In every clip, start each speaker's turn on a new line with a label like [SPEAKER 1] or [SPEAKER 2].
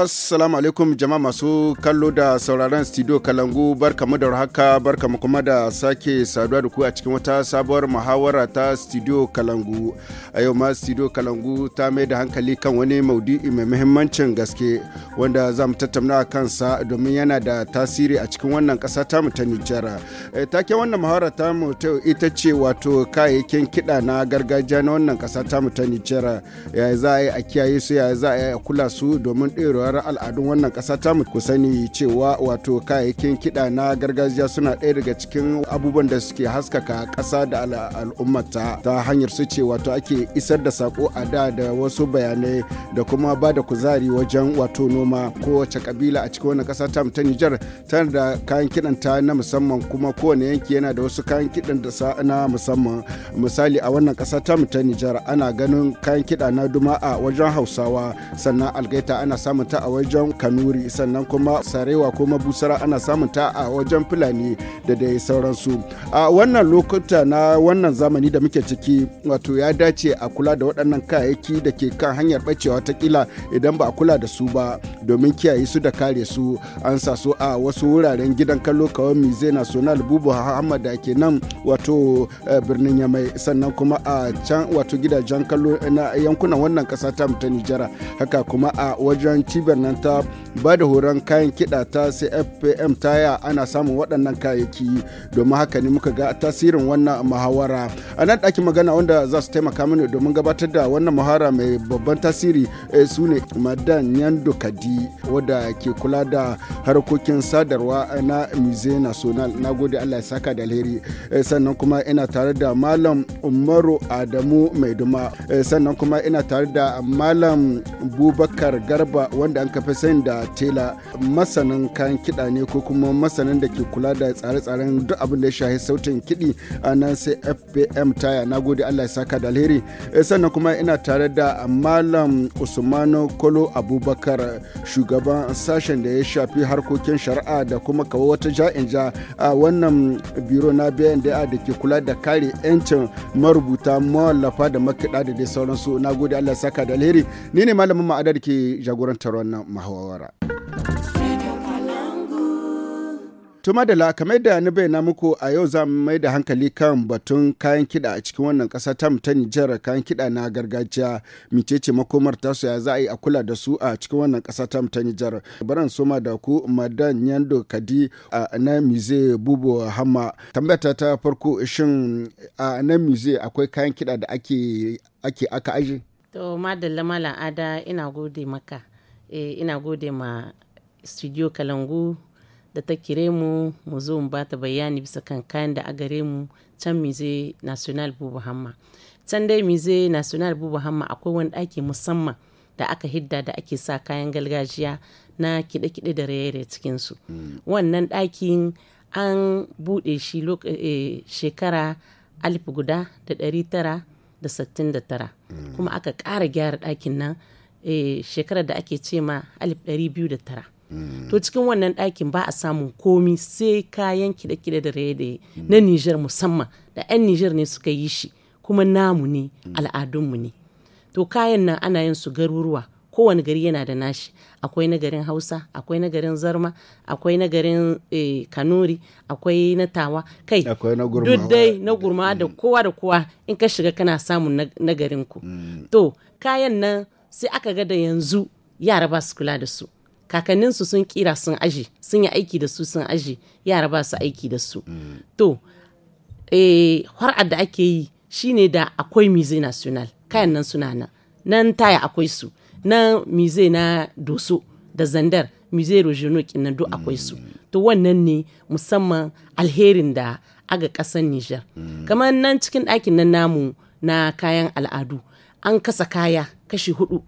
[SPEAKER 1] Assalamu alaikum jama'a masu kallo da sauraron studio Kalangu barkamu da haka barkamu kuma da sake saduwa da ku a cikin wata sabuwar muhawara ta studio Kalangu. A yau ma studio Kalangu ta mai da hankali kan wani maudu'i mai muhimmancin gaske wanda za mu tattauna kansa domin yana da tasiri a cikin wannan ƙasa ta mu ta Nijar. Eh, ta wannan muhawara ta mu ta ita ce wato kayayyakin kiɗa na gargajiya na wannan ƙasa ta mu ta Nijar. ya za a yi a kiyaye su za a yi a kula su domin ɗorewa durƙushewar al'adun wannan ƙasa ta ku sani cewa wato kayayyakin kiɗa na gargajiya suna ɗaya daga cikin abubuwan da suke haskaka ƙasa da al'ummata ta hanyar su ce wato ake isar da sako a da da wasu bayanai da kuma ba da kuzari wajen wato noma kowace kabila a cikin wannan ƙasa ta ta Nijar tana da kayan kiɗan ta na musamman kuma kowane yanki yana da wasu kayan kiɗan da na musamman misali a wannan ƙasa ta ta Nijar ana ganin kayan kiɗa na duma a wajen Hausawa sannan algaita ana samun ta a wajen kanuri sannan kuma sarewa ko mabusara ana samun ta a wajen fulani da dai sauransu a wannan lokuta na wannan zamani da muke ciki wato ya dace a kula da waɗannan kayayyaki da ke kan hanyar ɓacewa ta kila idan ba a kula da su ba domin kiyaye su da kare su an sa su a wasu wuraren gidan kallo kawai na national bubu hamad da ke nan wato eh, birnin yamai sannan kuma a can wato gidajen kallo na yankunan wannan ƙasa ta ta nijara haka kuma a wajen dibar nan ta ba da horon kayan kiɗa ta sai fpm taya ana samun waɗannan kayayyaki domin haka ne muka ga tasirin wannan muhawara a nan ɗakin magana wanda za su taimaka mini domin gabatar da wannan muhara mai babban tasiri eh, su ne madan nyando kadi wadda ke kula da harkokin sadarwa na muse national na gode allah ya saka da alheri eh, sannan kuma ina tare da malam umaru adamu mai duma eh, sannan kuma ina tare da malam bubakar garba wanda an kafa sayin da tela masanin kayan kiɗa ne ko kuma masanin da ke kula da tsare-tsaren duk abin da ya shahi sautin kiɗi a nan sai fpm taya na gode allah ya saka da alheri eh, sannan kuma ina tare da malam usmanu kolo abubakar shugaban sashen da ya shafi harkokin shari'a da kuma kawo wata ja'inja a wannan biro na bayan da da ke kula da kare 'yancin marubuta mawallafa da makaɗa da dai sauransu na gode allah ya saka da alheri ni ne malamin ma'adar ke jagorantar wannan mahawara Tuma da la kamar da ni bayyana muku a yau za mu mai da hankali kan batun kayan kiɗa a cikin wannan ƙasa ta ta Nijar kayan kiɗa na gargajiya micece makomar su ya za a yi a kula da su a cikin wannan ƙasa ta ta Nijar. Baran soma da ku Madan Yando Kadi a na Mize Bubo Hama. Tambata ta farko shin a na Mize akwai kayan kiɗa da ake ake aka aje?
[SPEAKER 2] To madalla mala ada ina gode maka. Eh, ina gode ma studio kalangu da ta kire mu mu zo mu bata bayani bisa kan kayan da a gare mu can mize national bubu hamma can dai mize national bubu hamma akwai wani ɗaki musamman da aka hidda da ake sa kayan gargajiya na kide kide da raye cikin su mm. wannan ɗakin an buɗe shi eh, shekara alif guda da ɗari tara da sittin da tara mm. kuma aka ƙara gyara ɗakin nan Eh, shekarar da ake ce ma tara to cikin wannan ɗakin ba a samun komi sai kayan kiɗe-kiɗe da raye na Nijar musamman da 'yan Nijar ne suka yi shi kuma namu ne al'adunmu ne to kayan nan ana yin su garuruwa kowane gari yana da nashi akwai na garin hausa akwai na garin zarma akwai na garin eh, kanuri akwai na tawa kai duk dai na gurma da kowa da kowa in ka shiga kana samun na garinku ku mm. to kayan nan sai aka ga da yanzu yara ba su kula da su kakanninsu sun kira sun aji sun yi aiki da su sun aji yara ba su aiki da su to eh, har'ar da ake yi shine da akwai mize national kayan nan suna nan nan taya akwai su na mize na doso da zandar mize rojino kinan do akwai su to wannan ne musamman alherin da aga kasan nijar mm. kamar nan cikin ɗakin nan namu na kayan al'adu an kasa kaya kashi hudu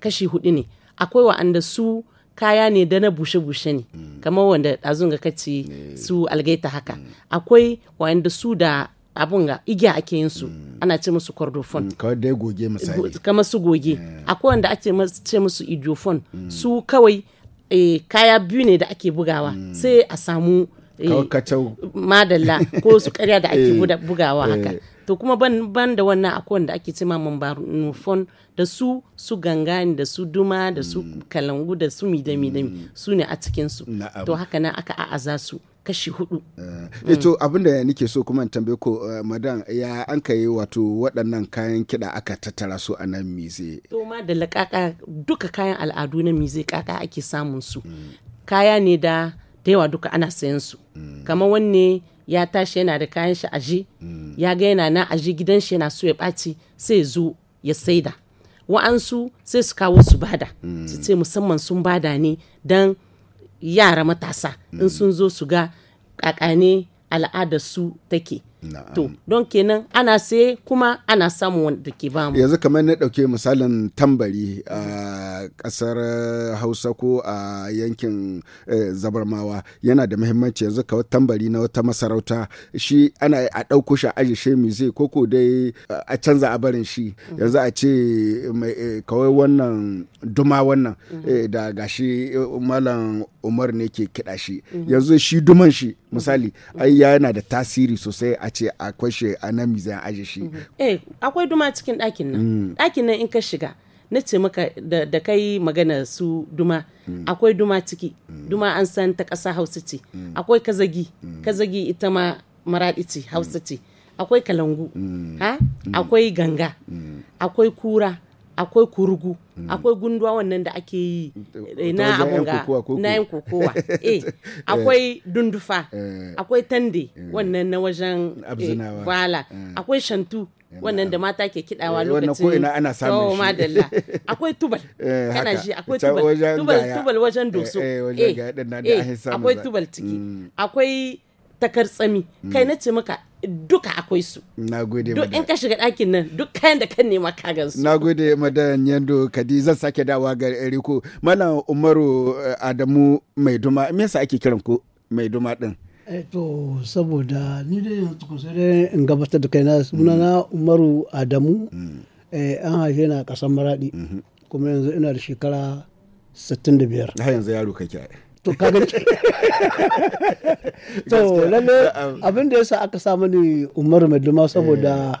[SPEAKER 2] kashi hudu ne akwai wa'anda su kaya ne da na bushe-bushe ne kamar wanda ɗazun ga kaci su algaita haka akwai wa'anda su da abun ga igiya ake yin su ana ce musu kordofon. Mm, kawai dai goge misali kamar su goge akwai wanda ake ce musu idiofon su kawai eh, kaya biyu ne da ake bugawa mm. sai a samu eh, madalla ko su karya da ake eh. bugawa haka to kuma ban, da wannan akwai da ake cema nufon da su su ganga da su duma da su mm. kalangu da su midami-dami mm. su ne a cikinsu to haka nan aka a'aza su kashi hudu. eh, eh to
[SPEAKER 1] abinda nake so kuma tambaye ko eh, madam ya an kai wato waɗannan kayan kiɗa aka tattara su a nan mize.
[SPEAKER 2] To ma da laƙaƙa duka kayan al'adu na mize ƙaƙa ake samun su. Mm. Kaya ne da da yawa duka ana sayan su. Kamar wanne ya tashi yana da kayan shi aji ya ga yana na aji gidan shi yana so ya ɓaci sai ya zo ya saida wa'ansu sai su kawo su bada su ce musamman sun bada ne don yara matasa in sun zo su ga kakane al'adar su take To, don kenan ana saye kuma ana samu wanda ke bamu. Yanzu
[SPEAKER 1] kamar na ɗauke misalin tambari a kasar Hausa ko a yankin eh, Zabarmawa yana da muhimmanci yanzu kawai tambari na wata masarauta shi ana a ɗauko shi a ajiye shi zai ko ko dai a canza a barin shi yanzu a ce eh, kawai wannan duma wannan mm-hmm. eh, da gashi malam Umar ne ke kiɗa shi mm-hmm. yanzu shi duman shi misali ai yana da tasiri sosai a ce a kwashe a nan mizan aje shi mhm.
[SPEAKER 2] eh akwai duma cikin ɗakin nan mm. ɗakin nan in ka shiga na ce maka da, kai magana su duma mm. akwai duma ciki mm. duma an san ta ƙasa hausa ce akwai kazagi kazagi ita ma maraɗi ce hausa ce akwai kalangu ha akwai ganga akwai kura akwai kurugu mm. akwai gunduwa wannan da ake yi eh, na abunga na yan kokowa eh, eh akwai dundufa eh. akwai tande wannan na wajen vala akwai shantu wannan da mata ke kidawa lokacin wannan ma da ana samun shi madalla akwai tubal
[SPEAKER 1] kana shi akwai tubal tubal tubal wajen doso eh akwai tubal
[SPEAKER 2] ciki mm. akwai takar tsami kai mm. na ce maka duka akwai su. Na gode Duk in ka shiga ɗakin nan duk kayan da kan nema ka gansu. Na
[SPEAKER 1] gode madan Yando Kadi zan sake dawa ga Eriko. Malam Umaru eh, Adamu Maiduma me yasa ake kiran ku Maiduma din?
[SPEAKER 3] Eh, to saboda ni dai yanzu sai dai in gabatar da kaina suna na Umaru Adamu mm. eh, an haife na ƙasar Maradi mm-hmm. kuma yanzu ina da shekara 65. Na yanzu yaro kake. to ka gani to lalle abin da yasa aka sa mani Umar Maduma saboda eh.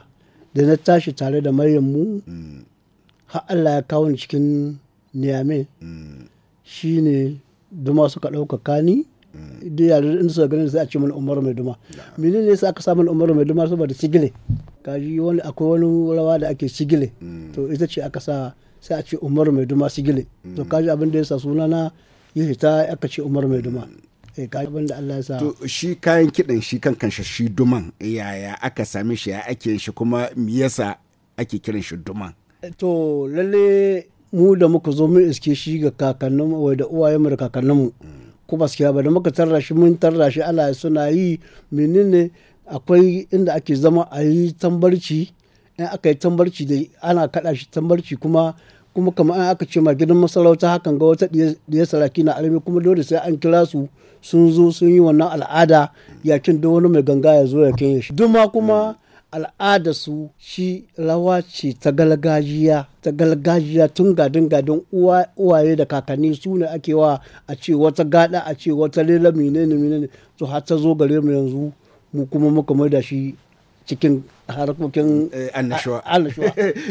[SPEAKER 3] da na tashi tare da Maryam mu mm. har Allah ya kawo ni cikin niyame mm. shine duma suka ɗaukaka ni mm. duk yare in suka gani sai a ce mani Umar mai duma menene ne yasa aka sa mana Umar mai duma saboda sigile kaji wani akwai wani rawa da ake sigile to ita ce aka sa sai a ce Umar mai duma sigile to kaji abin da yasa sunana ya fita aka ce umar mai duma eh, abin da Allah ya sa
[SPEAKER 1] shi kayan kiɗan shi kan kanshi shi duman yaya aka sami shi ya ake shi kuma me yasa ake kiran shi duman
[SPEAKER 3] to lalle mu da muka zo mun iske shi ga mu wai da mu da mu ko gaskiya ba da muka tarra shi mun tarra shi Allah suna yi menene akwai inda ake zama a yi tambarci in aka yi tambarci da ana kaɗa shi tambarci kuma kuma kamar an aka ce ma gidan masarauta hakan ga wata ɗiyar saraki na arami kuma dole sai an kira su sun zo sun yi wannan al'ada yakin don wani mai ganga ya zo ya kai shi duk ma kuma al'ada su shi rawa ce ta galgajiya ta galgajiya tun gadin gadin uwaye da kakanni su ne ake wa a ce wata gada a ce wata lela menene menene to har ta zo gare mu yanzu mu kuma muka mai da shi cikin harkokin eh, annashuwa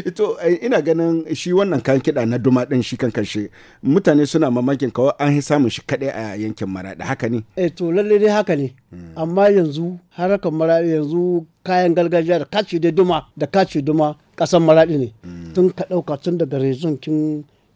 [SPEAKER 1] ito eh, ina ganin shi wannan kan kiɗa na duma ɗin shi kan kanshi mutane suna mamakin kawai an yi samun shi kaɗai a yankin maraɗi haka ne
[SPEAKER 3] eh, to lalle dai haka ne hmm. amma yanzu harkar maraɗi yanzu kayan gargajiya da kaci da duma da kaci duma ƙasar maraɗi ne hmm. tun ka ɗauka tun daga rezon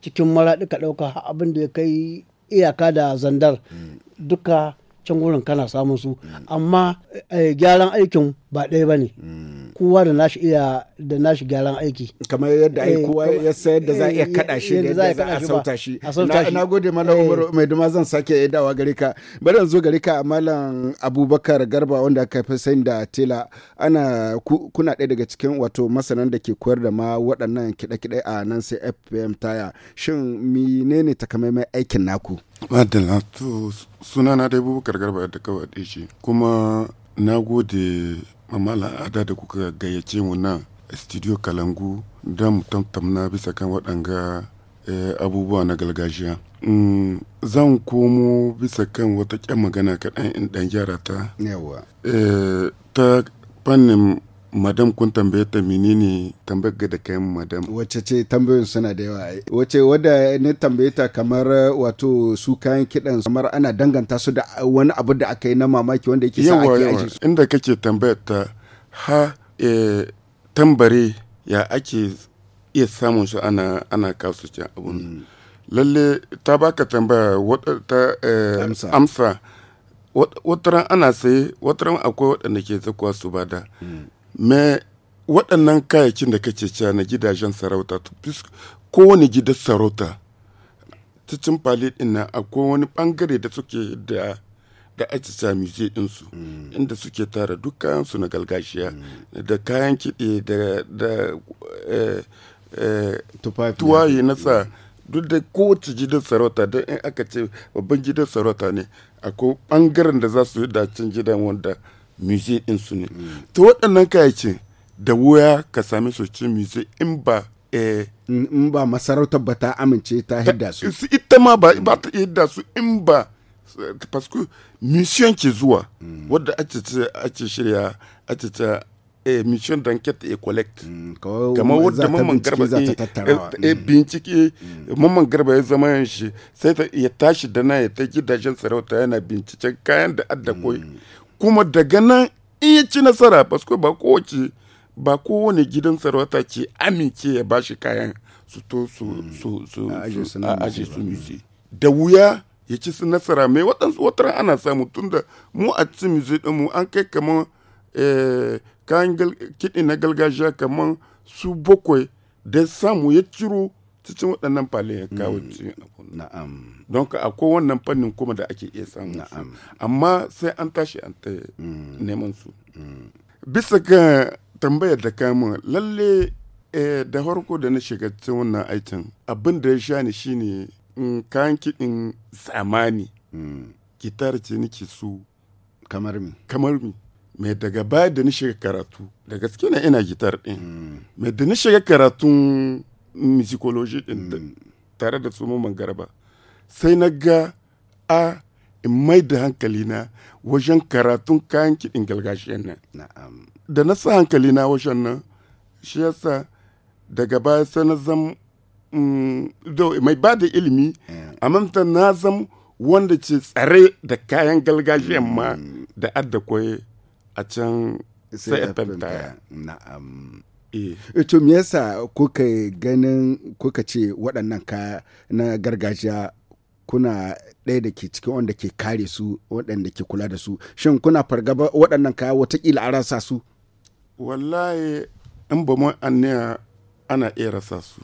[SPEAKER 3] cikin maraɗi ka ɗauka abin da ya kai iyaka da zandar hmm. duka can wurin kana samun su amma gyaran aikin ba ɗaya ba ne hmm. kowa da nashi iya da nashi gyaran aiki kamar yadda ai eh, kowa ya sayar da za a iya eh, kaɗa shi da yadda za
[SPEAKER 1] a sauta shi na gode malam eh. umar mai duma zan sake dawa gare ka bari zo gare ka malam abubakar garba wanda aka fi sayin da tela ana kuna ɗaya daga cikin wato masanan da ke koyar da ma waɗannan kiɗe-kiɗe a nan sai fm taya shin
[SPEAKER 4] menene takamaiman aikin naku madalla to sunana dai abubakar garba da kawai kuma na gode amma la'ada da kuka gayyace mu nan studio kalangu don mu tamtamna bisa kan waɗanga eh, abubuwa na gargajiya mm, zan komo bisa kan wata kyan magana kaɗan in ɗan gyara ta eh, ta fannin madam kun tambaye ta menene tambayar ga da kayan madam
[SPEAKER 1] wacce ce tambayoyin suna da yawa wacce wadda ne tambaye ta kamar wato su kayan kidan kamar ana danganta su da wani abu da aka yi na mamaki wanda yake sa ake aji
[SPEAKER 4] inda kake tambayar ta ha e, tambare ya ake iya samun su ana ana ce abun mm. lalle ta baka tambaya wata ta e, amsa, amsa. wataran ana saye wataran akwai waɗanda ke zakuwa su bada mm. me waɗannan kayakin da kake cewa na gidajen sarauta kowane gidan sarauta ta cimfali ɗin nan akwai wani bangare da suke da da ake sa muse ɗinsu mm. inda suke tara duk kayansu na galgashiya mm. da kayan kiɗe da eh, eh, tuwaye na sa mm. duk da kowace gidan sarauta don in aka ce babban gidan sarauta ne akwai bangaren da za su yi dacin gidan wanda musée din su ne mm. to waɗannan kayace da wuya ka sami su cikin in ba eh, in ba masarauta ba ta amince ta hidda su ita ma ba ta hidda su in ba parce que mission ke zuwa mm. wadda ake shirya ake ta eh, mission d'enquête et collecte mm, kamar wadda mamman garba ya eh, bincike mamman garba ya zama yan shi sai ya tashi da na ya ta gidajen sarauta yana binciken kayan da adda koi kuma daga nan in ya ci nasara basko ba kowace ba kowane gidan sarauta ce amince ya ba shi kayan su to su hmm. su su aje su da wuya ya ci su nasara mai waɗansu watan ana samu tunda mu a cikin muse ɗin mu an kai kamar eh, kayan kiɗi na gargajiya kamar su bakwai da samu ya ciro cikin waɗannan fale ya kawo mm. cikin na'am don ka akwai wannan fannin kuma da ake iya samun na'am amma sai an tashi an ta mm. neman su mm. bisa ga tambayar da kama lalle eh, da farko da na shiga cikin wannan aikin abin da ya sha ni shine kayan kiɗin zamani gitar ce nake so kamar mi kamar mi mai daga baya da na shiga karatu da gaske na ina gitar ɗin mai da na shiga karatun musicology din hmm. tare da su mun garba sai na ga a in mai da hankali na wajen karatun kayan kiɗin gargajiyan nan da na sa hankali na wajen nan shi yasa daga baya sai na zam mm, mai ba da ilimi hmm. a mamta na zam wanda ce tsare da kayan gargajiyan ma hmm. da adda koye a can sai a tantaya na'am Eh,
[SPEAKER 1] to me yasa kuka ganin kuka ce waɗannan ka na gargajiya kuna ɗaya da ke cikin wanda ke kare su waɗanda ke kula da su shin kuna fargaba waɗannan kaya watakila a rasa su
[SPEAKER 4] wallahi in ba mu anniya ana iya rasa su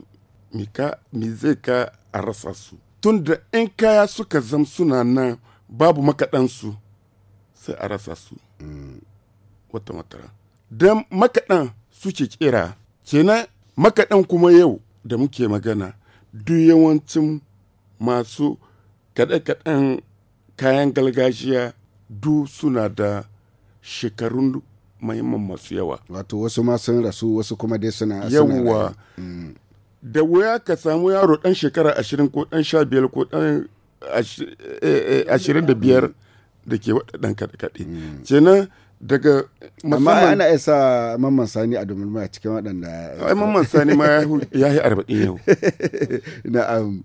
[SPEAKER 4] mi zai ka a rasa su tun da in kaya suka zam suna nan babu makaɗansu sai a rasa su mm. wata matara don makaɗan suke kera kenan makaɗan kuma yau da muke magana duk yawancin masu kaɗe-kaɗen kayan galgajiya du suna da shekarun mahimman masu yawa wato wasu ma sun rasu wasu kuma dai suna yawa mm. da wuya ka samu yaro ɗan shekara ashirin ko ɗan sha biyar ko ɗan eh, eh, eh, ashirin da biyar mm. da ke waɗannan kaɗe-kaɗe mm. kenan daga musamman ana
[SPEAKER 1] isa mamman sani a domin a cikin waɗanda ai mamman sani ma ya
[SPEAKER 4] yi arba'in yau na'am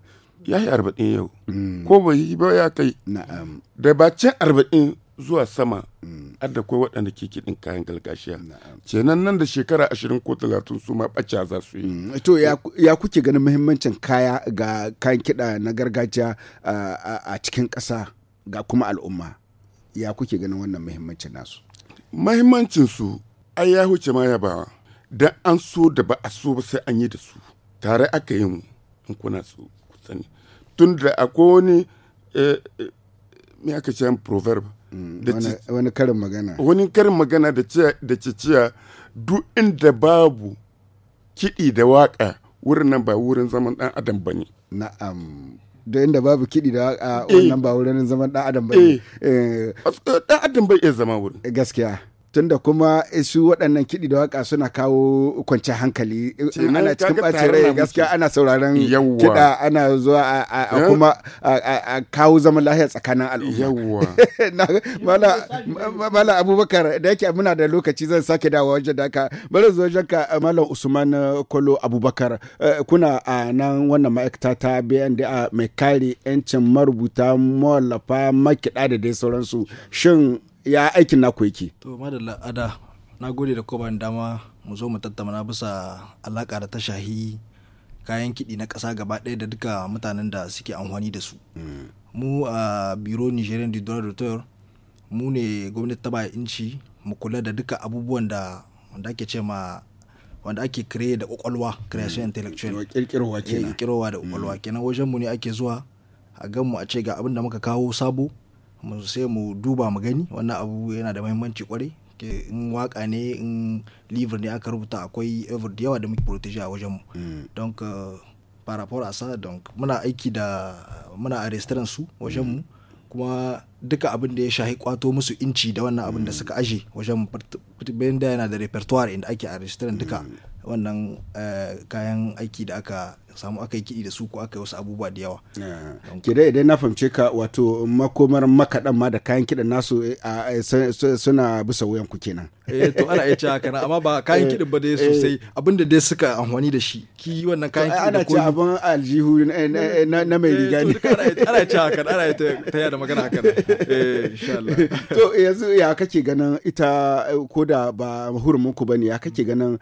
[SPEAKER 4] ya yi arba'in yau mm. ko bai yi ba ya kai na'am da bacin arba'in zuwa sama mm. da kai waɗanda ke kiɗin kayan galgashiya kenan nan da shekara ashirin ko talatin su ma ɓaca za su yi mm. to
[SPEAKER 1] ya kuke ganin muhimmancin kaya ga kayan kiɗa na gargajiya a cikin ƙasa
[SPEAKER 4] ga kuma al'umma ya kuke ganin wannan muhimmancin nasu mahimmancinsu ai ya huce ma ya ba da an so da ba a so ba sai an yi da su tare aka yi mu in kuna su sani tun da akwai wani eh, eh, me aka mm, ce proverb wani karin magana wani karin magana da ciciya duk inda babu kiɗi da waka wurin nan ba wurin zaman ɗan adam ba ne na'am
[SPEAKER 1] da yadda babu kiɗi da a eh. wannan ba wurin zaman ɗan adam ba ne. Eh. Eh. Ɗan adam bai iya zama wurin. Gaskiya. tunda kuma su waɗannan kiɗi da waka suna kawo kwanciyar hankali ana cikin ɓacin rai gaskiya ana sauraron kiɗa ana zuwa a eh? kuma a kawo zaman lahiya tsakanin al'umma mala abubakar da yake muna da lokaci zan sake dawo wajen da ka bari zuwa wajen ka malam usman kolo abubakar eh, kuna a nan wannan ma'aikata ta da a mai kare 'yancin marubuta mawallafa makiɗa da dai sauransu shin ya aikin naku yake
[SPEAKER 5] to madalla ada na gode da kuma dama mu zo mu tattauna bisa alaka da ta shahi kayan kiɗi na ƙasa gaba ɗaya da duka mutanen da suke amfani da su mm. mu a biro nigerian de droit mu ne gwamnati ta baya inci mu kula da duka abubuwan da wanda ake ce ma wanda ake kire da kwakwalwa creation mm. intellectual kirkirowa eh, kenan kirkirowa da kwakwalwa mm. kenan wajen mu ne ake zuwa a gan mu a ce ga abin da muka kawo sabo sai mu duba mu gani wannan abu yana da mahimmanci kwarai in waka ne in liver ne aka rubuta akwai ever da yawa da muke protege a wajenmu mm. don ka fara fara sa don muna aiki da muna a restaurant su wajenmu mm. kuma duka abin da ya shahi kwato musu inci da wannan abin da mm. suka aje wajen bayan da yana da repertoire inda ake a restaurant duka wannan eh, kayan aiki da aka samu aka yi kiɗi da su ko aka yi wasu abubuwa da yawa. Eh,
[SPEAKER 1] kira idan na fahimce ka wato makomar makaɗan ma da kayan kiɗan nasu eh, eh, suna bisa wuyan ku kenan. eh to ana iya cewa kana amma
[SPEAKER 5] ba kayan kiɗin ba dai sosai abinda dai suka amfani da shi
[SPEAKER 1] ki wannan kayan kiɗin ana ce abin aljihu na mai riga ne.
[SPEAKER 5] ana cewa kana ana ta yada magana haka eh
[SPEAKER 1] to yanzu ya kake ganin ita ko da ba hurumin ku ne ya kake ganin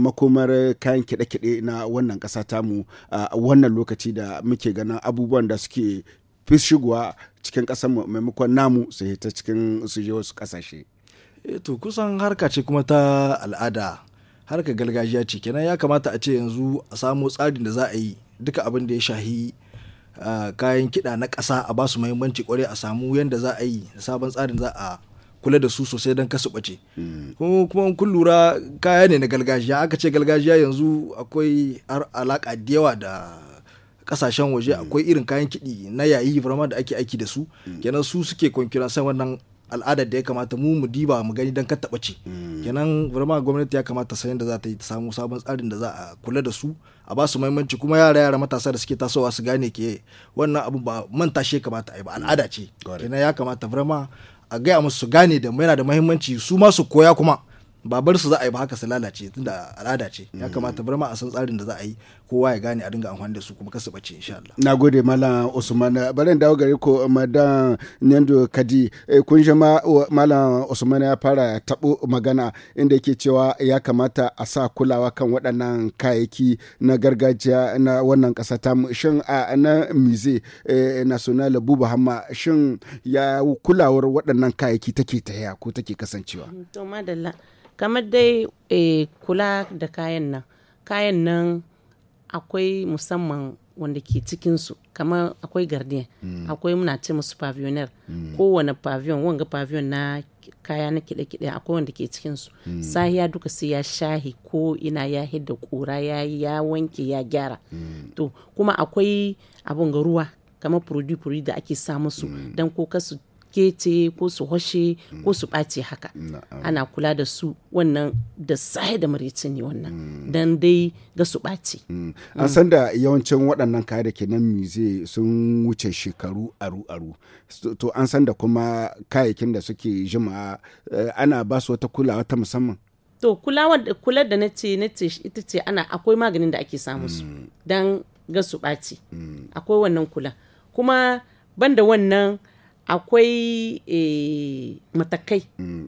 [SPEAKER 1] makomar kayan kiɗe-kiɗe na wannan ƙasa tamu a wannan lokaci da muke ganin abubuwan da suke fi shigowa cikin ƙasar maimakon namu su hita cikin
[SPEAKER 5] su je wasu ƙasashe. Eh to kusan harka ce kuma ta al'ada harka gargajiya ce kenan ya kamata a ce yanzu a samu tsarin da za a yi duka abin da ya shahi kayan kiɗa na ƙasa a basu muhimmanci kwarai a samu yadda za a yi sabon tsarin za a kula da su sosai don kasu ɓace hmm. kuma kun lura kaya ne na gargajiya aka ce gargajiya yanzu akwai alaƙa da yawa da kasashen waje hmm. akwai irin kayan kiɗi na yayi vraiment da ake aiki da su hmm. kenan su suke kwankira san wannan al'adar da ya kamata mu mu diba mu gani don ka taɓa kenan vraiment gwamnati ya kamata sayan da za ta yi ta samu sabon tsarin da za a kula da su a ba su muhimmanci kuma yara yara matasa da suke tasowa su gane ke wannan abu ba manta shi kamata a yi ba al'ada ce kenan ya kamata vraiment a gaya musu su gane da yana da mahimmanci su ma su koya kuma ba bar su za a yi ba haka su lalace tunda al'ada ce ya mm. kamata bar ma a san tsarin da za a yi kowa ya gane a dinga amfani da su kuma kasu bace insha Allah
[SPEAKER 1] na gode malam Usman barin dawo gare ko madan Nyando Kadi eh, kun ji ma malam Usman ya fara tabo magana inda yake cewa ya kamata a sa kulawa kan waɗannan kayayyaki na gargajiya na wannan ƙasa ta shin a na mize eh, national Buba Hamma shin ya kulawar waɗannan kayayyaki take ta ko take kasancewa
[SPEAKER 2] to madalla kamar dai eh, kula da kayan nan kayan nan akwai musamman wanda ke cikinsu kamar akwai gardiyan hmm. akwai muna ce musu pavioner mm. kowane pavion wanga pavion na kaya na kide-kide akwai wanda ke cikinsu mm. sahiya duka sai ya shahi ko ina ya hidda kura ya ya wanke ya gyara hmm. to kuma akwai abun ga ruwa kamar furudi-furudi da ake sa musu mm. don ko kasu kece ko su hoshe ko su ɓace haka ana kula da su wannan da sai da maricin ne wannan don dai ga su ɓace mm. an san
[SPEAKER 1] da yawancin waɗannan kaya da ke nan mize sun wuce shekaru aru aru to an san da kuma kayayyakin da suke jima eh, ana ba su wata kulawa ta musamman
[SPEAKER 2] to kular da na ce ita ce ana akwai maganin da ake samu su mm. don ga su ɓace mm. akwai wannan kula kuma banda wannan akwai eh, matakai mm,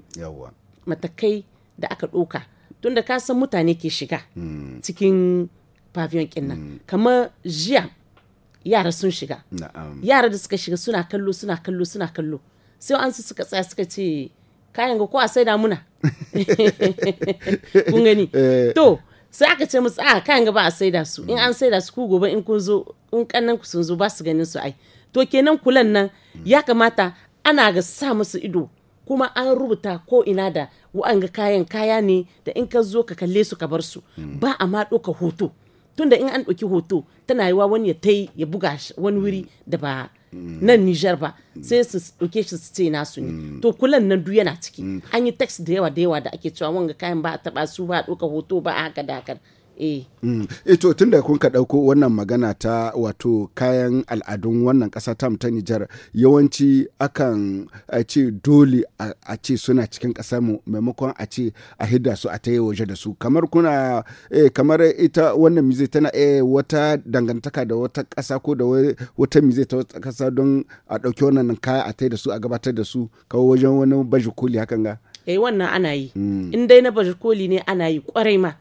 [SPEAKER 2] matakai da aka ɗoka tunda ka san mutane ke shiga mm. cikin pavion kin nan mm. kamar jiya yara sun shiga yara da suka shiga suna kallo suna kallo suna kallo sai an su suka tsaya suka ce kayan ga ko a saida muna kun gani eh. to sai aka ce musu a ah, kayan ga ba a saida su in an saida su ku gobe in kun zo in kannan ku sun zo ba su ganin su ai to kenan kulan nan ya kamata ana ga sa musu ido kuma an rubuta ko ina da ga kayan kaya ne da in ka zo ka kalle su ka bar su ba a ma ɗauka hoto tunda in an ɗauki hoto tana wa wani ya tai ya buga wani wuri da ba nan Nijar ba sai su ɗauke shi su ce nasu ne mm. to kulan nan duk yana ciki mm. an yi tax da yawa da yawa da ake cewa wanga kayan ba a taba su ba a ɗauka hoto ba a haka da eto eh.
[SPEAKER 1] mm. eh, to tun da kun ka ɗauko wannan magana ta wato kayan al'adun wannan ƙasa tam ta Nijar yawanci akan a ce dole a ce suna cikin ƙasar mu maimakon a ce a hidda su a ta yi waje da su kamar kuna eh, kamar ita wannan mize tana eh, wata dangantaka da wata ƙasa ko da wata mize ta wata ƙasa don a ɗauki wannan kaya a ta da su a gabatar da su kawo wajen wani baje koli hakan ga
[SPEAKER 2] eh wannan ana yi mm. in dai na baje koli ne ana yi kwarai ma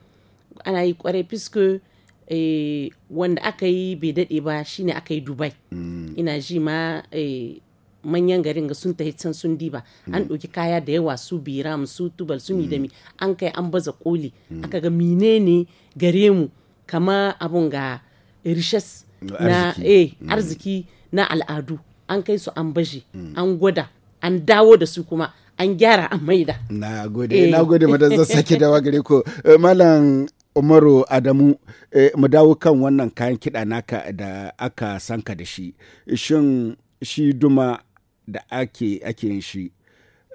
[SPEAKER 2] ana yi kwarai fiske eh, wanda aka yi bai daɗe ba shine aka yi dubai mm. ina ji ma eh, manyan garin ga sun tafi can sun diba mm. an ɗauki kaya da yawa su bira su tubal su mi da mi an kai an baza koli mm. aka ga mine ne gare mu kama abun ga rishes na eh, arziki na al'adu an kai su an baje an gwada an dawo da su kuma an gyara an maida.
[SPEAKER 1] Na gode, na gode madan zan sake dawa gare ko. Malam umaru adamu eh, mu dawo kan wannan kayan kiɗa naka da aka sanka da shi shin shi duma da ake ake yin shi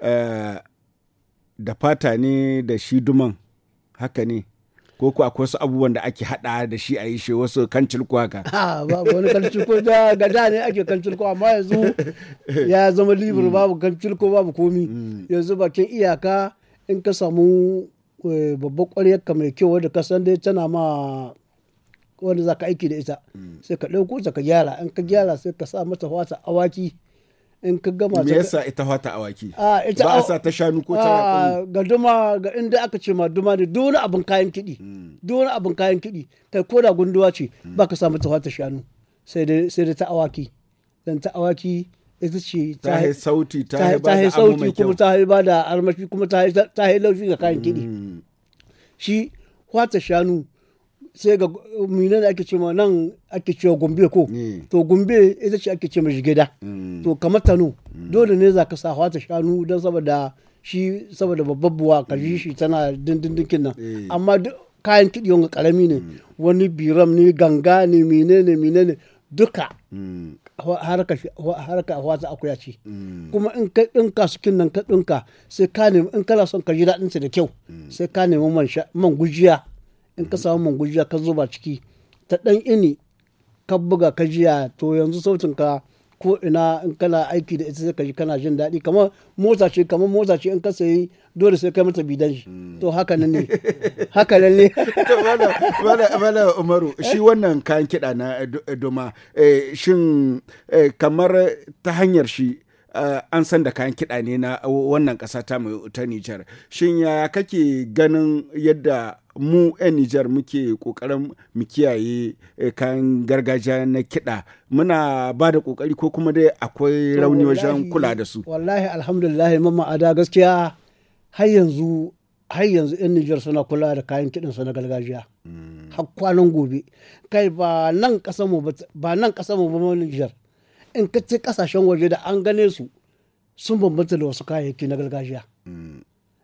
[SPEAKER 1] uh, da fata ne da shi duman haka ne ko ku akwai wasu abubuwan da ake hada da shi a yi shi wasu kancil ko haka
[SPEAKER 3] ah, babu wani kan ko da ga da ne ake kan ko amma yanzu ya zama libur mm. babu kan ko babu komi mm. yanzu bakin iyaka in ka samu Eh, babbar ƙwaryarka mai kyau wadda ka san dai tana ma wanda za ka aiki da ita mm. sai ka ɗauko ta ka gyara in ka gyara sai ka sa mata wata awaki in ka gama me yasa
[SPEAKER 1] ita wata awaki a ah, ita ba sa ta shanu ko ta ah,
[SPEAKER 3] ga duma ga inda aka ce ma duma ne duk abin kayan kiɗi mm. duk wani abin kayan kiɗi kai ko da gunduwa ce mm. ba ka sa mata wata shanu sai dai ta awaki dan ta awaki ita ce ta yi sauti ta sauti kuma ta yi ba da armashi kuma ta yi laushi ga kayan kiɗi mm. shi kwata shanu sai ga mina da ake cewa nan ake cewa gombe ko mm. to gombe ita ce ake cewa jigida mm. to kamar tano dole ne za ka sa kwata shanu don saboda shi saboda babbar buwa ka ji shi tana dindindinkin nan eh. amma kayan kiɗi wanga karami ne wani biram ne ganga ne mine ne duka harkar harkar akuya ce kuma in ka dinka kin nan ka dinka sai ka nemi in kana son ka ji daɗin su da kyau mm. sai ka nemi man man gujiya in ka mm. samu man gujiya ka zuba ciki ta ɗan ini ka buga ka jiya to yanzu sautin ka ko ina in kana aiki da ita sai ka ji kana jin daɗi kamar mota ce kamar mota ce in ka sayi dole sai kai mata bidan shi to haka nan ne haka nan ne
[SPEAKER 1] wala umaru shi wannan kayan kiɗa na doma eh, shin eh, kamar ta hanyar shi eh, an san da kayan kiɗa ne na wannan kasa ta mai ta Nijar shin ya kake ganin yadda mu 'yan Nijar muke ƙoƙarin mu kiyaye kayan gargajiya na kiɗa muna ba da ƙoƙari ko kuma dai akwai rauni wajen kula da su
[SPEAKER 3] wallahi alhamdulillah mamma ada gaskiya har yanzu har yanzu 'yan Nijar suna kula da kayan kiɗansu na gargajiya. Mm. Har kwanan gobe. Kai ba nan ƙasa mu ba nan ƙasa mu Nijar. In ka ce ƙasashen waje da an gane su sun bambanta da wasu kayayyaki na gargajiya. Mm.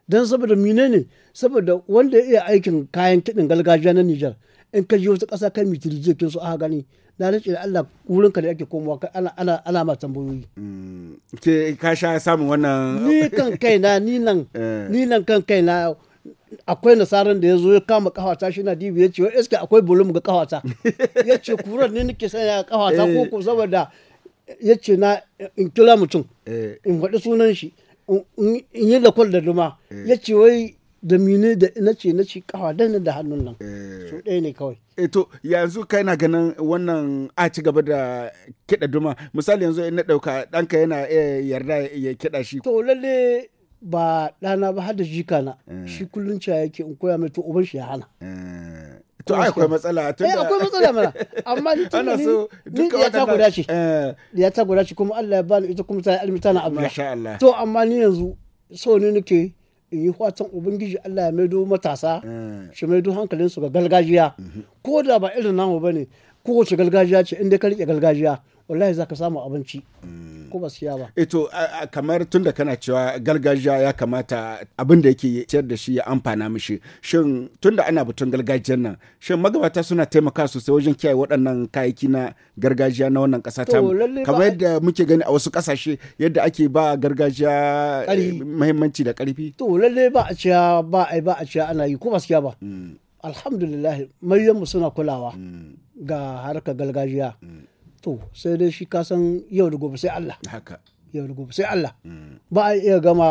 [SPEAKER 3] Don saboda mine ne saboda wanda ya iya aikin kayan kiɗin gargajiya na Nijar in ka je wata ƙasa kai mitirje jirgin su aka gani na rike da Allah wurin ka da ake komowa ana ana ana ma tambayoyi mm.
[SPEAKER 1] ke ka sha samun wannan ni kan na
[SPEAKER 3] ni nan eh. ni nan kan kai na akwai nasarar da ya zo ya kama kawata shi na dibi ya ce wa iska akwai bulum ga kawata ya ce kuran ne nake sanya kawata eh. ko ko saboda ya ce na in kila mutum eh. in faɗi sunan shi in yi lakwal da duma ya ce wai da mine da na ce na ci kawa da da hannun nan eh. su ɗaya ne kawai eto eh, yanzu kai na ganin
[SPEAKER 1] wannan
[SPEAKER 3] a ci gaba da
[SPEAKER 1] kiɗa duma misali yanzu in na ɗauka ɗanka yana yarda ya kiɗa shi to lalle
[SPEAKER 3] ba ɗana ba har da kana eh. shi kullum cewa yake in koya mai to uban shi ya hana to ai akwai matsala to eh akwai matsala mana amma ni tun ni duka ya ta guda ce ya ta guda ce kuma Allah ya bani ita kuma ta almi tana abu masha Allah to amma ni yanzu so ne nake in yi fatan ubangiji Allah ya maido matasa eh. shi maido hankalinsu ga gargajiya mhm. ko da ba irin namu ba bane kowace gargajiya ce inda ka rike gargajiya wallahi za ka samu abinci mm. ko ba su ba.
[SPEAKER 1] Eto eh, kamar tun da kana cewa gargajiya ya kamata abin da yake ciyar da shi ya amfana mishi shin tun da ana batun gargajiyar nan shin magabata suna taimaka sosai wajen kiyaye waɗannan kayayyaki na gargajiya na wannan ƙasa ta kamar yadda muke gani a wasu ƙasashe yadda ake ba gargajiya eh, muhimmanci da ƙarfi.
[SPEAKER 3] To lalle ba a ciya ba a ba a ciya ana yi ko ba su ba. Mm. Alhamdulillah mayyanmu suna kulawa mm. ga harkar gargajiya. to sai dai shi san yau da gobe sai Allah haka yau da gobe sai Allah ba a iya gama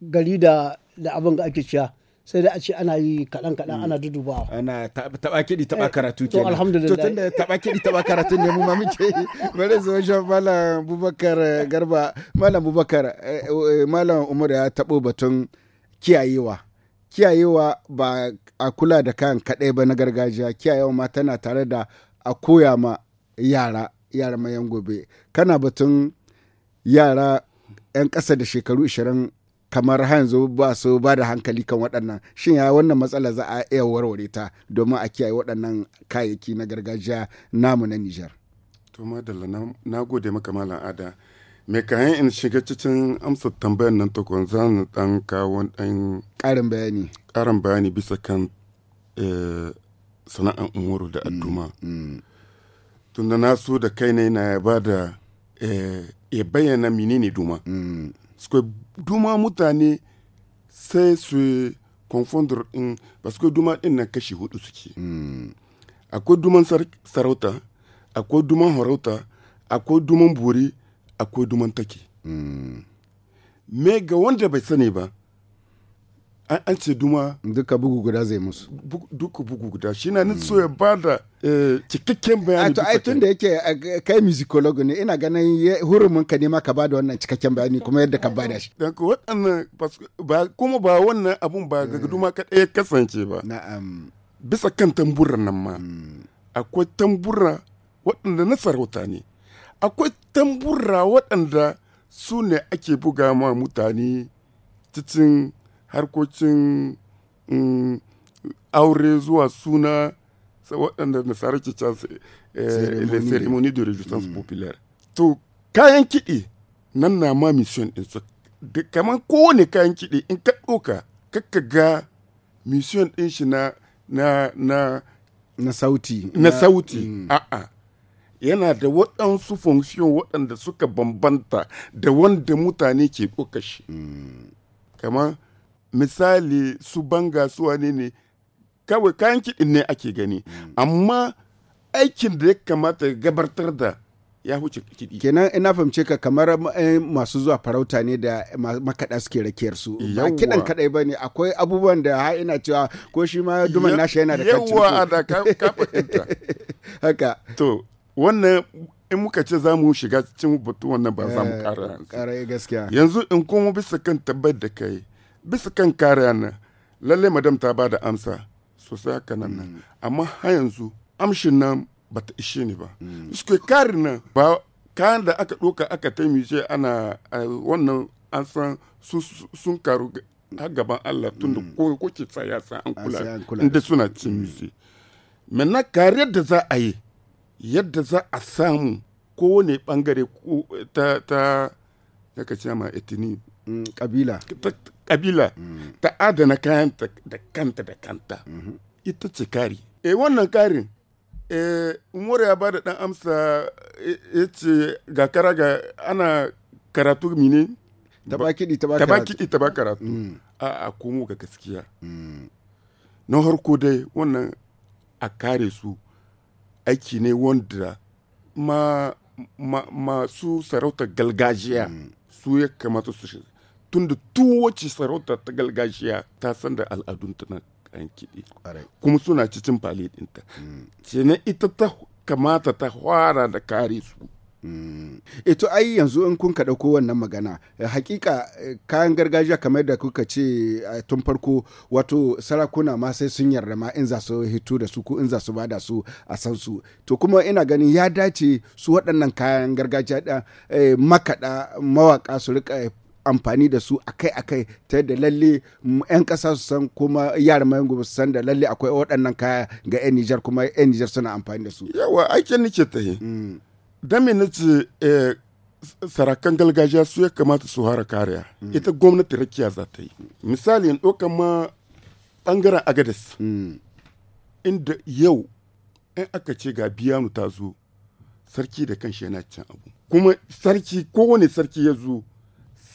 [SPEAKER 3] gari da da abin da ake ciya sai dai a ce ana yi kaɗan kaɗan ana dudubawa
[SPEAKER 1] ana taɓa kiɗi taɓa eh, karatu ke to alhamdulillah to tunda taɓa kiɗi taɓa karatu ne mu ma muke bare zo shan malam Bubakar eh, Garba malam Bubakar eh, malam Umar ya taɓo batun kiyayewa kiyayewa ba a kula da kan kaɗai ba na gargajiya kiyayewa ma tana tare da a koya ma yara yara mayan gobe kana batun yara 'yan ƙasa da shekaru 20 kamar har yanzu ba su ba da hankali kan waɗannan shin ya wannan matsala za a iya warware ta domin a kiyaye waɗannan kayayyaki na gargajiya namu na Nijar.
[SPEAKER 4] To madalla na gode maka malam ada me kayan in shiga cikin amsa tambayan nan takwan za ni dan kawo dan ƙarin bayani ƙarin bayani bisa kan eh, sana'an umaru da adduma. Mm, mm. tunda na so da kai ne na ba da eh, ya bayyana menene duma mm. suka duma mutane sai su confounder din ba su duma din na kashi hudu suke mm. akwai duman sarauta akwai duman harauta akwai duman bori akwai duman take mm. me ga wanda bai sani ba an ce duma duka bugu guda zai musu duka bugu guda shi na so ya ba da eh, cikakken bayani to ai tun da yake eh, kai
[SPEAKER 1] musicologu ne ina ganin hurumin ka ne ma ka ba da wannan cikakken bayani kuma yadda ka ba da shi
[SPEAKER 4] dan ko waɗannan ba kuma ba wannan abun ba ga eh. duma ka ɗaya kasance ba na'am bisa kan tamburan nan ma hmm. akwai tambura waɗanda na sarauta ne akwai tambura waɗanda su ne ake buga ma mutane cikin harkokin mm, aure zuwa suna waɗanda nasara ke can eh, ceremony de resistance mm. populaire to kayan kiɗi nan na ma mission ɗin su kamar kowane kayan kiɗi in ka ɗoka kakka ga mission ɗin shi na na na na sauti na sauti mm. a'a yana da waɗansu function waɗanda suka bambanta da wanda mutane ke ɗoka shi kamar misali su banga su wani ne kawai kayan kiɗin ne ake gani mm. amma aikin da ya kamata gabatar da
[SPEAKER 1] ya huce kiɗi. kenan ina fahimce ka kamar eh, masu zuwa farauta ne da makaɗa suke
[SPEAKER 4] rakiyar su ba kiɗan kaɗai
[SPEAKER 1] ba ne akwai abubuwan da ha ina cewa ko shi ma duman nashi yana da kacin yawa da
[SPEAKER 4] haka to wannan in muka ce za mu shiga cikin batu wannan ba za mu eh,
[SPEAKER 1] ƙara
[SPEAKER 4] yanzu in kuma bisa kan tabbat da kai bisa kan kariya nan lalle madam ta ba da amsa sosai haka nan nan mm. amma har yanzu amshin nan ba ta ishe ni ba mm. suke kari nan ba kayan da aka ɗoka aka taimice ana wannan an san sun karu har gaban Allah tun da mm. ko ke tsaya sa an kula inda suna cin misi menna kariyar da za a yi yadda za a samu kowane bangare ta ta ya ka ce ma etini kabila kabila mm. ta adana kayanta da kanta da kanta mm-hmm. ita ce kari e wannan kari e eh, umar ya ba da dan amsa ya ce ga kara ga ana karatu mine tabakidi kiɗi taba karatu a a mm. komo ga gaskiya mm. na harko dai wannan a kare su aiki ne wanda ma masu sarauta galgajiya su ya kamata su tunda duk wacce sarauta ta galgashiya ta san da al'adun ta na kayan kiɗi kuma suna cikin fali ɗinta ce mm. ita ta kamata ta fara da kare su
[SPEAKER 1] mm. Eto ai yanzu in kun kaɗa ko wannan magana eh, hakika eh, kayan gargajiya kamar da kuka ce eh, tun farko wato sarakuna ma sai sun yarda ma in za su hito da su ko in za su bada su a san su to kuma ina ganin ya dace su waɗannan kayan gargajiya da makaɗa mawaƙa su rika amfani da su akai-akai ta yadda lalle 'yan kasa su san kuma yara mayan gobe su san da lalle akwai waɗannan
[SPEAKER 4] kaya ga 'yan Nijar kuma 'yan Nijar suna amfani da su. Yawa aikin nake ta yi. Mm. Dami na ce eh, sarakan galgajiya su ya kamata su hara kariya. Mm. Ita gwamnati rakiya za ta yi. Misali in ɗaukan ma ɓangaren agadis mm. Inda yau in aka ce ga biyanu ta zo sarki da kanshi yana can abu. Kuma sarki kowane sarki ya zo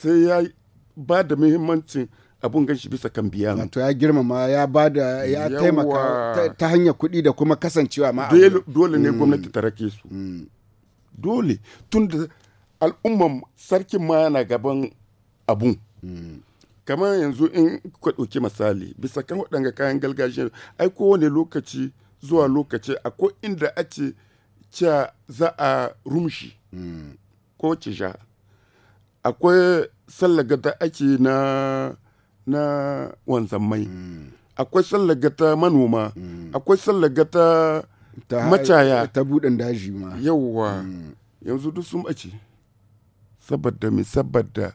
[SPEAKER 4] sai ya ba da muhimmancin abun ganshi bisa kan biya wato ya girmama ya ba da ya taimaka ta hanyar kuɗi da kuma kasancewa
[SPEAKER 1] ma dole ne mm. gwamnati
[SPEAKER 4] ta rake su mm. dole tun da al'umman sarkin ma yana gaban abun mm. kamar yanzu in ka ɗauki misali bisa kan waɗanga kayan gargajiya ai kowane lokaci zuwa lokaci a ko inda ake cewa za a rumshi ko cija akwai sallagata ake na na wanzamai mai mm. akwai sallagata manoma mm. akwai sallagata macaya ta buɗin daji ma yauwa mm. yanzu duk sun ɓace saboda mai saboda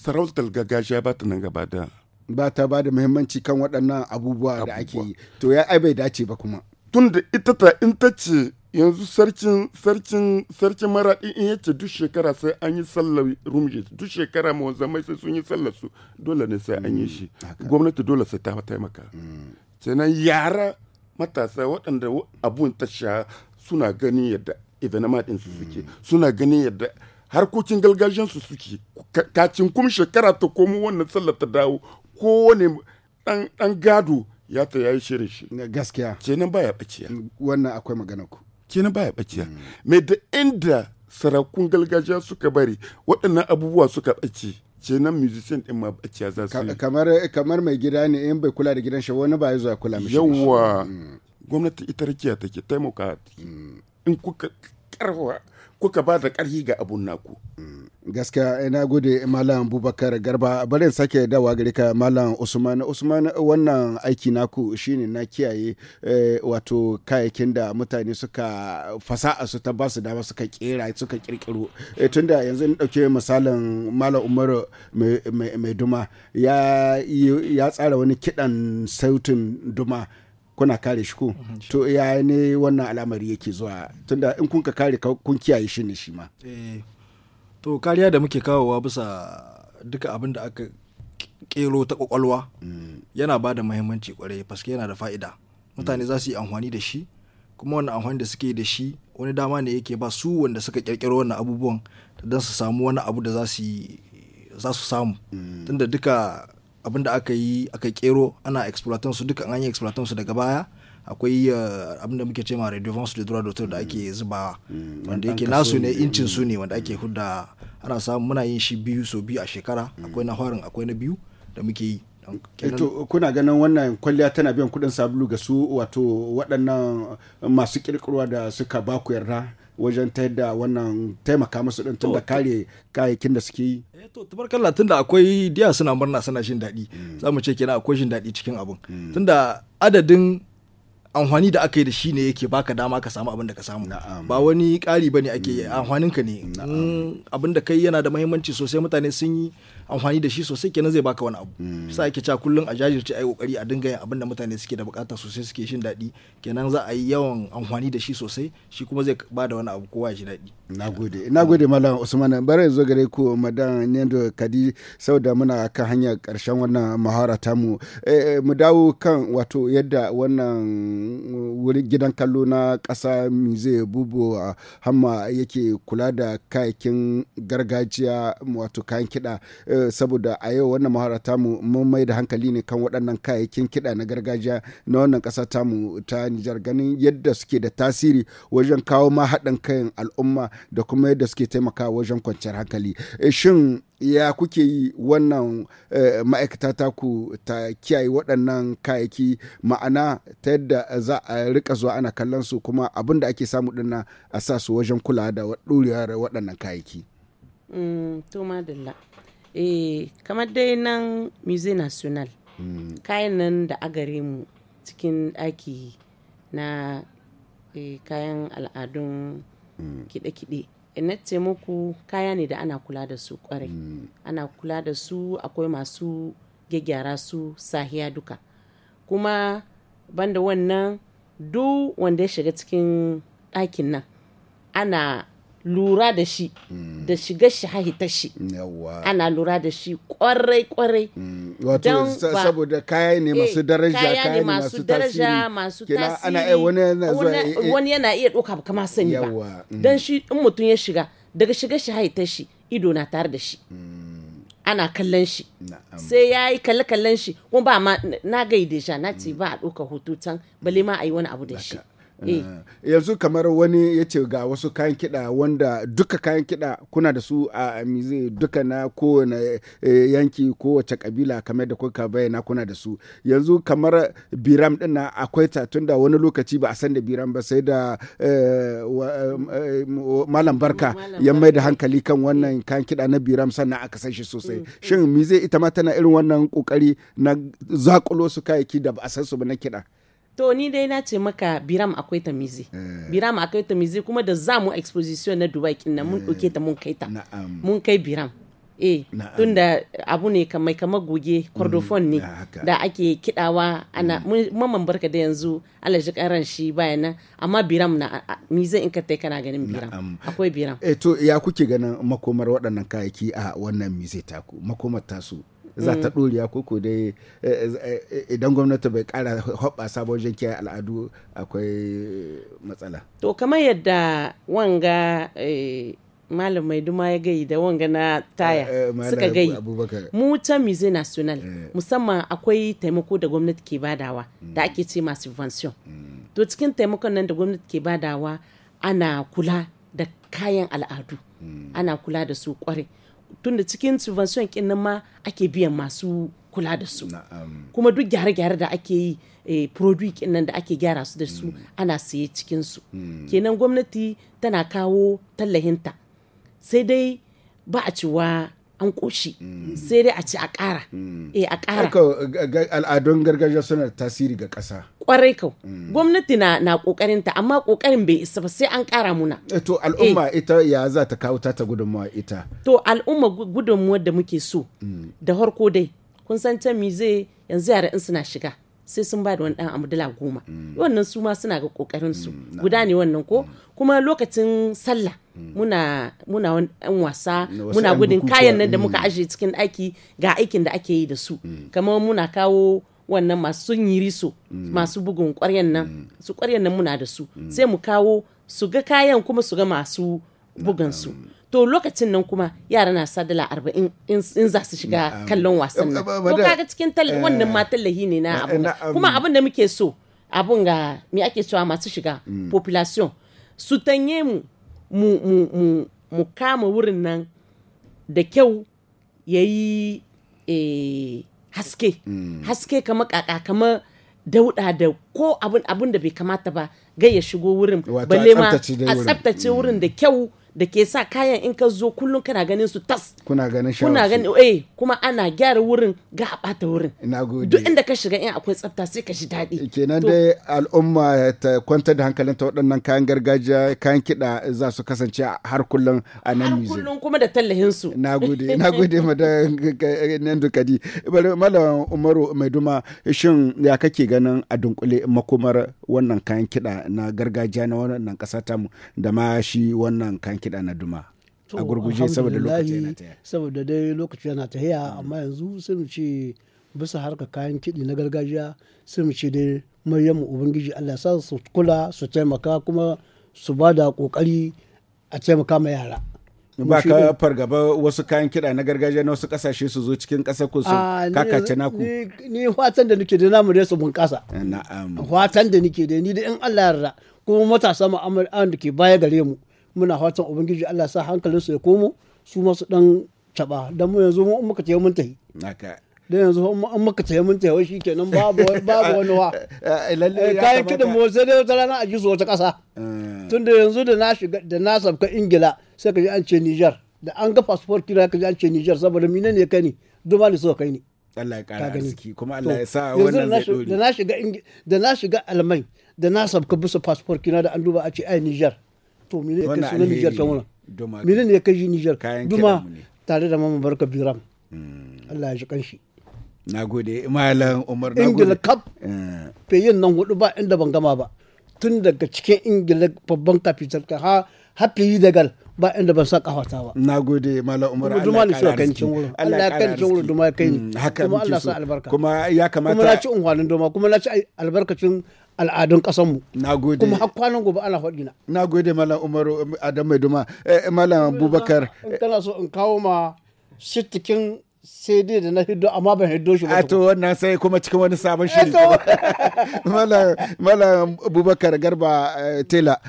[SPEAKER 4] sarautar gagashiya ba ta nan gaba da
[SPEAKER 1] ba ta ba da muhimmanci kan waɗannan abubuwa da ake yi to ya
[SPEAKER 4] ai bai dace ba kuma tun da ita ta in ta ce yanzu sarkin sarkin sarkin maraɗi in yace duk shekara sai an yi sallar rumje duk shekara zama sai sun yi sallar su dole ne sai an yi shi hmm, gwamnati dole sai ta taimaka hmm. kenan yara matasa waɗanda abun ta sha suna ganin yadda evenema din su suke hmm. suna ganin yadda harkokin gargajiyan su suke kacin kuma shekara ta komo wannan sallar ta dawo kowane dan gado ya ta yayi shirin shi gaskiya kenan baya bace wannan akwai magana ku kina baya bakiya mm. mai da inda sarakun gargajiya suka bari waɗannan abubuwa suka ɓace nan musician din ma baciya za su yi kamar kamar mai gida ne in bai kula da gidan shi wani ba ya zuwa kula mishi yawa mm. gwamnati ita rakiya take taimaka mm. in kuka karwa kuka ba da ƙarfi ga abun naku.
[SPEAKER 1] gaskiya eh, na gode malam bubakar garba bari sake dawa gare ka malam usman usman wannan aiki naku shine na kiyaye eh, wato kayayyakin da mutane suka fasa'a su ta ba su dama suka kera suka kirkiro eh, tunda yanzu ni dauke misalin malam umar mai duma ya tsara wani kidan sautin duma kuna kare shi ko mhm, to ya ne wannan al'amari yake zuwa tunda in kun ka kare kun kiyaye shi ne shi ma
[SPEAKER 5] eh, to kariya da muke kawowa bisa duka abin da aka kero ta kwakwalwa mm. yana ba da muhimmanci kwarai paske yana da fa'ida mutane mm. za su yi amfani da shi kuma wannan amfani da suke da shi wani dama ne yake ba su wanda suka kirkiro wannan abubuwan don su samu wani abu da za su samu mm. tunda duka abin da aka yi aka kero ana exploitation su duka an yi exploitation su daga baya akwai eh, abin da muke ce ma redevance de droit d'auteur da ake zubawa mm. wanda yake nasu ne incin su mm. ne wanda ake mm. hudda ana samu muna yin shi biyu so biyu a shekara akwai na harin akwai na biyu da muke yi eh, to
[SPEAKER 1] kuna ganin wannan kwalliya tana biyan kudin sabulu ga su wato waɗannan masu kirkirwa da suka baku yarda wajen ta yadda wannan taimaka musu din tun da kare kayayyakin da suke yi eh
[SPEAKER 5] to tabarkalla tun akwai diya suna murna suna jin daɗi mm. za mu ce kenan akwai jin daɗi cikin abun mm. tun da adadin amfani da aka yi da shi ne yake baka dama ka samu abin da ka samu ba wani ƙari ba ne ake mm. amfaninka ne abin da kai yana da mahimmanci sosai mutane sun yi amfani da shi sosai kenan zai baka wani abu hmm. sa yake cewa kullum a jajirce ayi kokari a dinga yin abin da mutane suke da bukata sosai suke shin daɗi kenan za a yi yawan amfani da shi sosai shi kuma zai bada wani abu kowa ya ji daɗi nagode nagode malam
[SPEAKER 1] usman bare zo gare ku madan nendo kadi saboda muna kan hanya karshen wannan mahara ta mu eh, eh, mu dawo kan wato yadda wannan wurin gidan kallo na mi zai bubo hamma yake kula da kayakin gargajiya wato kayan kiɗa Eh, saboda a yau wannan mahara mu mun mai da hankali ne kan waɗannan kayayyakin kiɗa na gargajiya na wannan ƙasa tamu ta Nijar ganin yadda suke da tasiri wajen kawo ma haɗin kan al'umma da kuma yadda suke taimakawa wajen kwanciyar hankali. Eh, shin ya kuke yi wannan eh, ma'aikata ta ku ta kiyaye waɗannan kayayyaki ma'ana ta yadda za a rika zuwa ana kallon su kuma abin da ake samu dinna a sa su wajen kula da ɗurewar waɗannan kayayyaki.
[SPEAKER 2] Mm, to madalla eh kamar dai nan musée national mm. kayan nan da agare mu cikin ɗaki na eh, kayan al'adun kide mm. kiɗe-kiɗe ce muku kaya ne da ana kula da su kwarai mm. ana kula da su akwai masu gyaggyara su sahiya duka kuma banda wannan duk wanda ya shiga cikin ɗakin nan ana lura da shi mm. da shiga shi hahita shi ana lura da shi kwarai kwarai mm.
[SPEAKER 1] wato saboda kaya ne eh, masu daraja kaya ne masu daraja masu tasiri wani
[SPEAKER 2] yana iya ɗauka kama sani ba mm. don shi in mutum ya shiga daga shiga shi hahita shi ido na tare da shi ana kallon shi sai ya yi kalle kallon shi kuma ba ma na gaide sha na ce ba a ɗauka hoto can bale ma a yi wani abu da shi Eh. Eh.
[SPEAKER 1] yanzu kamar wani ya ce ga wasu kayan kiɗa wanda duka kayan kiɗa kuna da su a mize duka na kowane eh, yanki kowace kabila kamar da kuka bayyana kuna da su yanzu kamar biram ɗin akwai ta tunda wani lokaci ba a san da biram ba sai da malam barka ya mai da hankali kan wannan kayan kiɗa na biram sannan aka san shi sosai mm, mm. shin mize ita ma tana irin wannan kokari na zakulo su kayayyaki da ba a san su ba na kiɗa.
[SPEAKER 2] To ni dai na ce maka Biram akwai tamizi. Eh. Biram akwai tamizi kuma da za mu exposition na Dubai kin mun eh. ɗauke ta mun kai ta. Mun kai Biram. Eh, tunda abu ne kamar kamar goge cordofon ne mm, da ake kidawa ana mm. mamman barka da yanzu alaji karan shi baya nan amma biram na mizan in ka tai kana ganin biram akwai biram
[SPEAKER 1] eh to ya kuke ganin makomar waɗannan kayaki a wannan mize taku makomar tasu za ta mm. ɗoriya koko dai eh, eh, eh, idan gwamnati bai ƙara hoɓa sabon kiyaye al'adu akwai matsala. To
[SPEAKER 2] kamar yadda wanga malam mai duma ya gai da wanga na taya suka gai mu ta mize national musamman akwai taimako da gwamnati ke badawa da mm. ake ce ma subvention mm. to cikin taimakon nan da gwamnati ke badawa ana kula da kayan al'adu ana kula da su kwarai tunda cikin subvention kin nan ma ake biyan masu kula da su kuma duk gyare-gyare da ake yi eh, produit nan da ake gyara su da su hmm. ana saye cikin su hmm. kenan gwamnati tana kawo tallahinta sai dai ba a ciwa an koshi mm. sai dai a ci a ƙara mm. eh a
[SPEAKER 1] eh, al'adun gargajiya suna tasiri ga ƙasa
[SPEAKER 2] kwarai kau mm. gwamnati na na kokarin ta amma kokarin bai isa ba sai an kara muna eh, to al'umma eh.
[SPEAKER 1] ita ya za ta kawo ta ta gudunmuwa ita
[SPEAKER 2] to al'umma gudunmuwa da muke so da harko dai kun san can mi zai yanzu yara in suna shiga sai sun ba da wani dan abu dala goma mm. wannan su ma suna ga kokarin su mm, guda ne wannan ko mm. kuma lokacin sallah muna muna wani wasa muna gudun kayan nan da muka aje cikin aiki ga aikin da ake yi da su kamar muna kawo wannan masu sun yi riso masu bugun ƙwaryan nan su ƙwaryan nan muna da su sai mu kawo su ga kayan kuma su ga masu bugan su to lokacin nan kuma yara na sa dala arba'in in za su shiga kallon wasan nan ko kaga cikin eh. wannan ma tallahi ne na abun kuma abin da muke so abun ga me ake cewa masu shiga mm. population su tanye mu mu mu kama wurin nan da kyau ya yi eh, haske mm. haske kama kaka kama dauda da ko abin da bai kamata ba ga ya shigo wurin balle ma a tsaftace wurin mm. da kyau da ke sa kayan in ka zo kullum kana ganin su tas
[SPEAKER 1] kuna ganin shawarci kuna ganin eh
[SPEAKER 2] kuma ana gyara wurin ga a bata wurin duk inda ka shiga in akwai tsafta sai ka ji daɗi kenan dai
[SPEAKER 1] al'umma ta kwanta da hankalin ta waɗannan kayan gargajiya kayan kiɗa za su kasance har kullum a nan music kullum
[SPEAKER 2] kuma da tallahin su nagode nagode
[SPEAKER 1] madan duka di bari malam Umaru Maiduma shin ya kake ganin a dunkule makomar wannan kayan kiɗa na gargajiya na wannan ƙasa mu da ma shi wannan kayan kiɗa na duma
[SPEAKER 3] a gurguje saboda lokaci yana ta saboda dai lokaci yana tafiya mm. amma yanzu sai mu ce bisa harka kayan kiɗi na gargajiya sai mu ce dai maryamu ubangiji Allah sa su kula su taimaka kuma su ba da kokari a taimaka ma yara ba ka
[SPEAKER 1] fargaba wasu kayan kiɗa na gargajiya na wasu kasashe su zo cikin ƙasar ku su ah, kakace naku
[SPEAKER 3] ni watan da nake da namu dai su bunƙasa eh, na'am watan da nake da ni da in Allah yarda kuma matasa mu amur'an da ke baya gare mu muna fatan ubangiji Allah sa hankalin su ya komo su masu dan taba dan mu yanzu mu muka tayi mun tayi naka dan yanzu an muka tayi mun tayi wai shikenan babu babu wani wa eh, lalle ya eh, kai kidan mu sai dai wata na a ji wata kasa eh. tunda yanzu da na shiga da na sabka Ingila sai ka ji an ce Niger da an ga passport kira ka ji an ce Niger saboda mine ne kai ne duma ne so kai ne Allah ya kara arziki kuma Allah ya sa wannan zai dole da na shiga da na shiga Alman da na sabka bisa passport kina da an duba a ce ai Niger to mine ya kai sunan Niger kan
[SPEAKER 1] wannan mine
[SPEAKER 3] ne ya kai shi Nijar duma tare da mama barka biram hmm. Allah ya ji kanshi na gode malam
[SPEAKER 1] Umar na gode Ingila kap eh.
[SPEAKER 3] fayin nan hudu ba inda ban gama ba tun daga cikin Ingila babban kafitar ka ha hafi dagal ba inda ban sa kafata ba. Na gode Malam Umar Allah ya kara arziki. Allah ya kara arziki. Duma ya kai ni. Hmm, haka kuma Allah sa albarka. Kuma ya kamata. Kuma na ci unhwanin duma, kuma na ci albarkacin al'adun
[SPEAKER 1] kasan Na gode. Kuma har kwanan gobe ana faɗi na. nagode gode Malam Umaru um, Adam Maiduma. Eh, eh Malam Abubakar.
[SPEAKER 3] Eh. Kana so in kawo ma sittikin sai dai da na hiddo amma ban hiddo shi ba. Ah, to wannan sai
[SPEAKER 1] kuma cikin wani sabon shiri.
[SPEAKER 3] Eh,
[SPEAKER 1] Malam Abubakar Garba Tela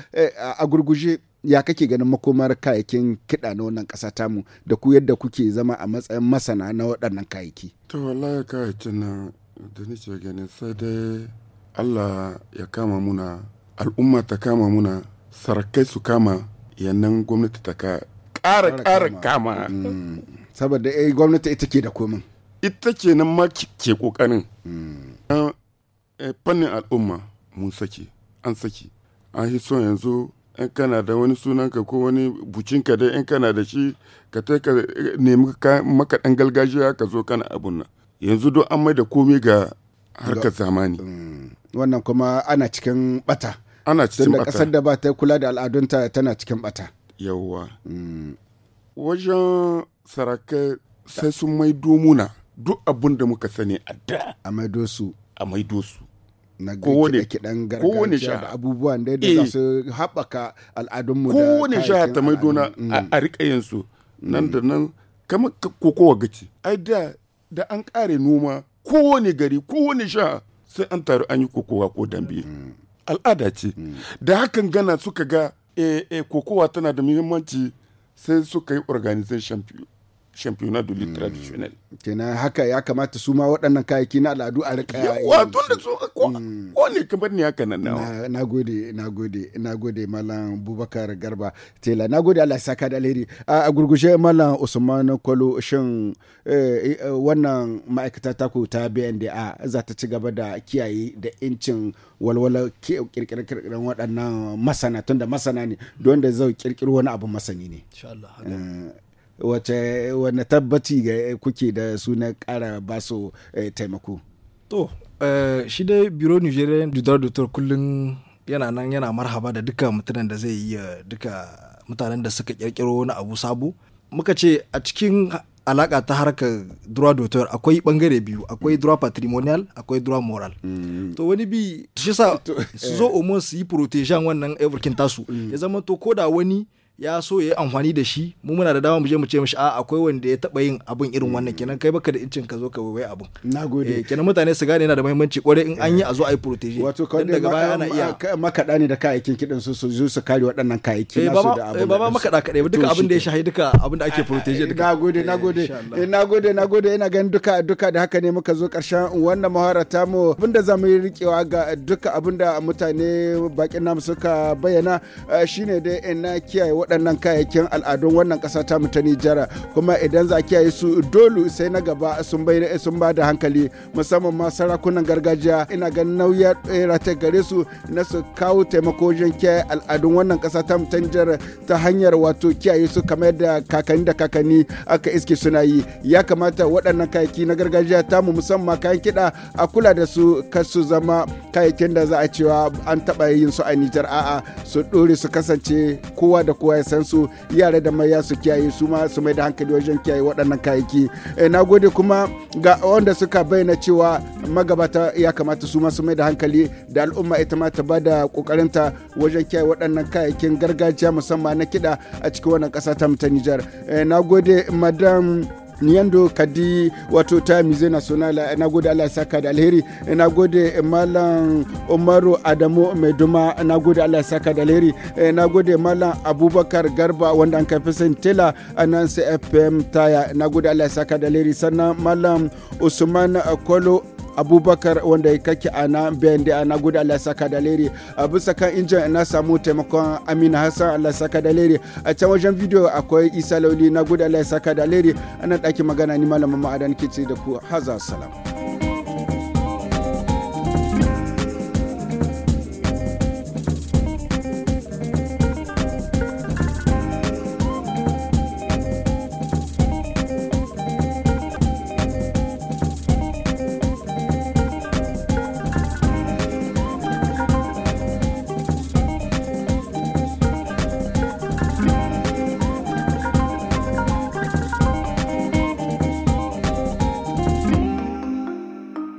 [SPEAKER 1] a gurguje. ya kake ganin makomar kayakin kiɗa na wannan ƙasa tamu da ku yadda kuke zama a matsayin masana na waɗannan kayaki?
[SPEAKER 4] to wallahi kayakin nan da nake ganin sai dai Allah ya kama muna al'umma ta kama muna sarakai su kama yannan gwamnati ta ka ƙara ƙara kama mm. saboda eh gwamnati ita ke da komin ita ke nan ma ke ƙoƙarin mm. eh, fannin al'umma mun sake an sake an hi yanzu in kana da wani sunan ka ko wani bucinka dai in kana da shi ka ta ka eh, nemi maka ɗan gargajiya ka zo kana abun nan yanzu don an mai da komai ga harkar zamani mm.
[SPEAKER 1] wannan kuma ana cikin bata ana cikin bata kasar da ba ta kula da al'adunta tana cikin bata
[SPEAKER 4] yawwa mm. wajen sarakai sai sun maido muna duk abin da muka sani a da a maido su a maido su na kowane kidan gargajiya da
[SPEAKER 1] abubuwan da da za eh. su haɓaka mu da kowane sha ta maido na
[SPEAKER 4] a riƙayen su mm. nan da nan kamar kokowa gaci ai da da an ƙare noma kowane gari kowane sha sai an taru an yi kokowa ko dambe al'ada ce da hakan gana suka ga eh, eh, kokowa tana da muhimmanci sai suka yi organization championnat de lutte hmm. traditionnelle. Kenan haka ya kamata su ma waɗannan kayayyaki na al'adu a rika yawa tun da su ko hmm. ne kamar ni haka
[SPEAKER 1] nan nawa. Na gode na gode na gode malam Bubakar Garba Tela na gode Allah saka da alheri a gurgushe malam Usman Kwalo shin eh, eh, wannan ma'aikata ta ku ta BNDA za ta ci gaba da kiyaye da incin walwala kirkire waɗannan masana tun da masana ne don da zai kirkiro wani abu masani ne. Insha Allah. wace wane tabbaci ga eh, kuke da suna kara
[SPEAKER 5] su eh, taimako to eh, shi dai biro nigerian judar doctor kullum yana nan yana marhaba da duka mutanen da zai yi duka mutanen da suka kirkiro wani abu sabo muka ce a cikin alaka ta harkar droit d'auteur akwai bangare biyu akwai droit patrimonial akwai droit moral mm. to wani bi shi sa su zo omo su yi protejan wannan everkin tasu mm. ya zama to ko da wani ya so ya yi amfani da shi mu muna da dama mu je mu ce mishi a akwai wanda ya taba yin abun irin wannan kenan kai baka da incin ka zo ka wai abun na gode eh, kenan mutane su gane yana da muhimmanci kware in an yi a zo a yi protege wato kawai daga baya ana iya
[SPEAKER 1] makada ne da kayayyakin kidan su su zo su kare waɗannan kayayyaki eh, nasu da eh, abun ba ba makada kadai ba duka abin da ya
[SPEAKER 5] shahi duka abin da ake protege duka na na eh, gode gode
[SPEAKER 1] na gode na gode ina ganin duka duka da haka ne muka zo karshen wannan muhawara ta mu abinda zamu yi rikewa ga duka abinda mutane bakin namu suka bayyana shine dai ina kiyaye waɗannan kayayyakin al'adun wannan ƙasa ta mu ta Nijar kuma idan za kiyaye su dole sai na gaba sun bai sun ba da hankali musamman ma sarakunan gargajiya ina ganin nauyi rata gare su na su kawo taimako wajen kiyaye al'adun wannan ƙasa ta mu ta Nijar ta hanyar wato kiyaye su kamar da kakanni da kakanni aka iske suna yi ya kamata waɗannan kayayyaki na gargajiya ta mu musamman kayan kiɗa a kula da su kar su zama kayayyakin da za a cewa an taɓa yin su a Nijar a'a su ɗore su kasance kowa da kowa ya san su yara da maya su kiyaye su ma su mai da hankali wajen kiyaye waɗannan kayayyaki eh, na gode kuma ga wanda suka bayyana cewa magabata ya kamata su ma su mai da hankali da al'umma ita ma ta ba da kokarinta wajen kiyaye waɗannan kayayyakin gargajiya musamman na kiɗa a cikin wannan ƙasa ta mu ta Nijar. Eh, na gode madam Niyando Kadi wato ta mize National na gode Allah saka da alheri na gode eh, Malam Umaru Adamu maiduma na gode Allah saka da alheri eh, na gode Malam Abubakar Garba wanda an kafi san tela a nan CFM taya na gode Allah saka da alheri sannan Malam Usman Kolo abubakar wanda ya kake a nan bayan da na gudu allah saka da leri a bisa kan injin na samu taimakon amina hassan allah saka da leri a can wajen video akwai isa lauli na gudu allah saka da leri ana ɗakin magana ni malamin ma'adan ke ce da ku haza salam.